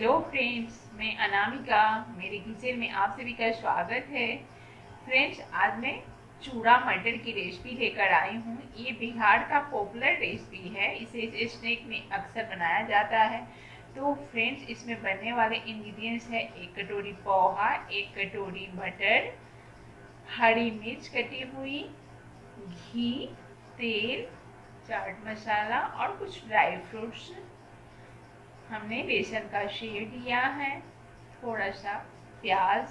hello friends मैं अनामिका मेरे kitchen में आप सभी का स्वागत है फ्रेंड्स आज मैं चूड़ा मटर की रेसिपी लेकर आई हूँ ये बिहार का पॉपुलर रेसिपी है इसे स्नैक में अक्सर बनाया जाता है तो फ्रेंड्स इसमें बनने वाले इंग्रेडिएंट्स है एक कटोरी पोहा एक कटोरी मटर हरी मिर्च कटी हुई घी तेल चाट मसाला और कुछ ड्राई फ्रूट्स हमने बेसन का शेड लिया है थोड़ा सा प्याज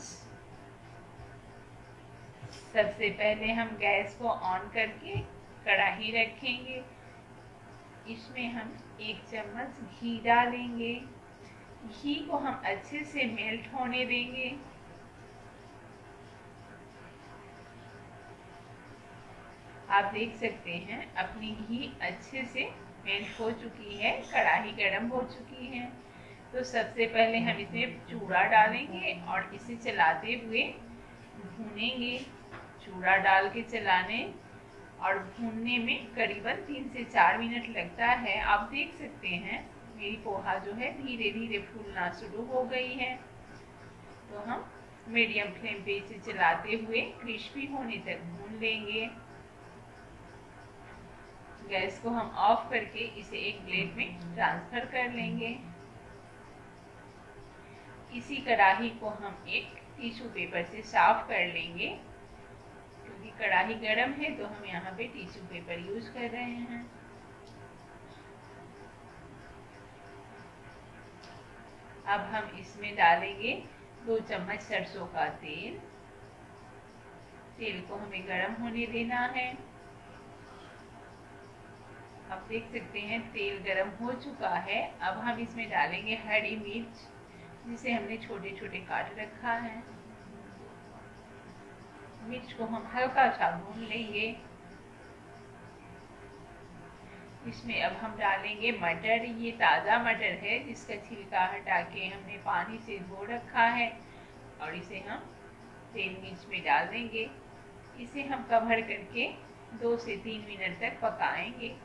सबसे पहले हम गैस को ऑन करके कढ़ाई रखेंगे इसमें हम एक चम्मच घी डालेंगे घी को हम अच्छे से मेल्ट होने देंगे आप देख सकते हैं अपनी घी अच्छे से मेल्ट हो चुकी है कढ़ाई गर्म हो चुकी है तो सबसे पहले हम इसमें चूड़ा डालेंगे और इसे चलाते हुए भूनेंगे चूड़ा डाल के चलाने और भूनने में करीबन तीन से चार मिनट लगता है आप देख सकते हैं मेरी पोहा जो है धीरे धीरे फूलना शुरू हो गई है तो हम मीडियम फ्लेम पे इसे चलाते हुए क्रिस्पी होने तक भून लेंगे तो गैस को हम ऑफ करके इसे एक प्लेट में ट्रांसफर कर लेंगे इसी कढ़ाही को हम एक टिश्यू पेपर से साफ कर लेंगे क्योंकि कढ़ाही गर्म है तो हम यहाँ पे टिश्यू पेपर यूज कर रहे हैं अब हम इसमें डालेंगे दो चम्मच सरसों का तेल तेल को हमें गर्म होने देना है आप देख सकते हैं तेल गरम हो चुका है अब हम इसमें डालेंगे हरी मिर्च जिसे हमने छोटे छोटे काट रखा है मिर्च को हम हल्का सा भून लेंगे इसमें अब हम डालेंगे मटर ये ताज़ा मटर है जिसका छिलका हटा के हमने पानी से धो रखा है और इसे हम तेल मिर्च में डाल देंगे इसे हम कवर करके दो से तीन मिनट तक पकाएंगे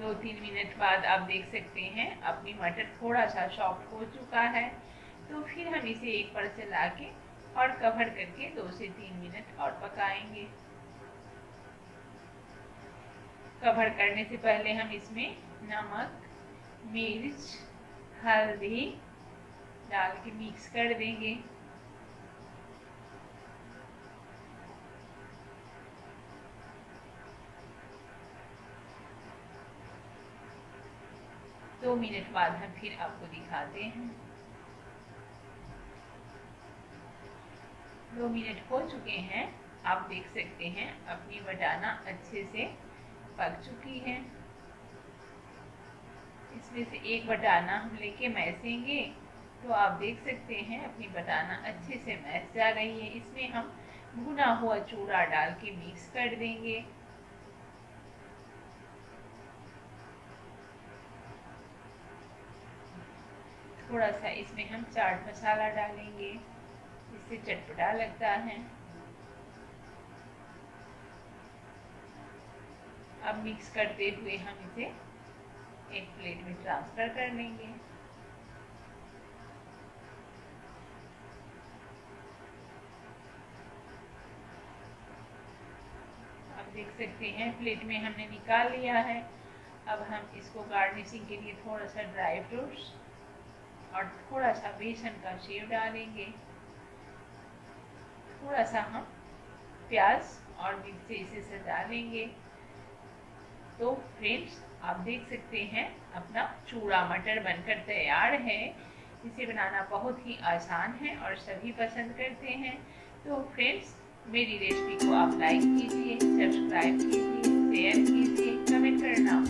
दो तीन मिनट बाद आप देख सकते हैं अपनी मटर थोड़ा सा सॉफ्ट हो चुका है तो फिर हम इसे एक पर से ला के और कवर करके दो से तीन मिनट और पकाएंगे कवर करने से पहले हम इसमें नमक मिर्च हल्दी डाल के मिक्स कर देंगे दो मिनट बाद हम फिर आपको दिखाते हैं दो मिनट हो चुके हैं आप देख सकते हैं अपनी वटाना अच्छे से पक चुकी है इसमें से एक बटाना हम लेके मैसेंगे तो आप देख सकते हैं अपनी बटाना अच्छे से मैस जा रही है इसमें हम भुना हुआ चूड़ा डाल के मिक्स कर देंगे थोड़ा सा इसमें हम चाट मसाला डालेंगे इससे चटपटा लगता है अब मिक्स करते हुए हम इसे एक प्लेट में ट्रांसफ़र कर लेंगे देख सकते हैं प्लेट में हमने निकाल लिया है अब हम इसको गार्निशिंग के लिए थोड़ा सा ड्राई फ्रूट्स और थोड़ा सा बेसन का सेव डालेंगे थोड़ा सा हम प्याज और मिर्ची इसी से डालेंगे तो फ्रेंड्स आप देख सकते हैं अपना चूड़ा मटर बनकर तैयार है इसे बनाना बहुत ही आसान है और सभी पसंद करते हैं तो फ्रेंड्स मेरी रेसिपी को आप लाइक कीजिए सब्सक्राइब कीजिए शेयर कीजिए कमेंट करना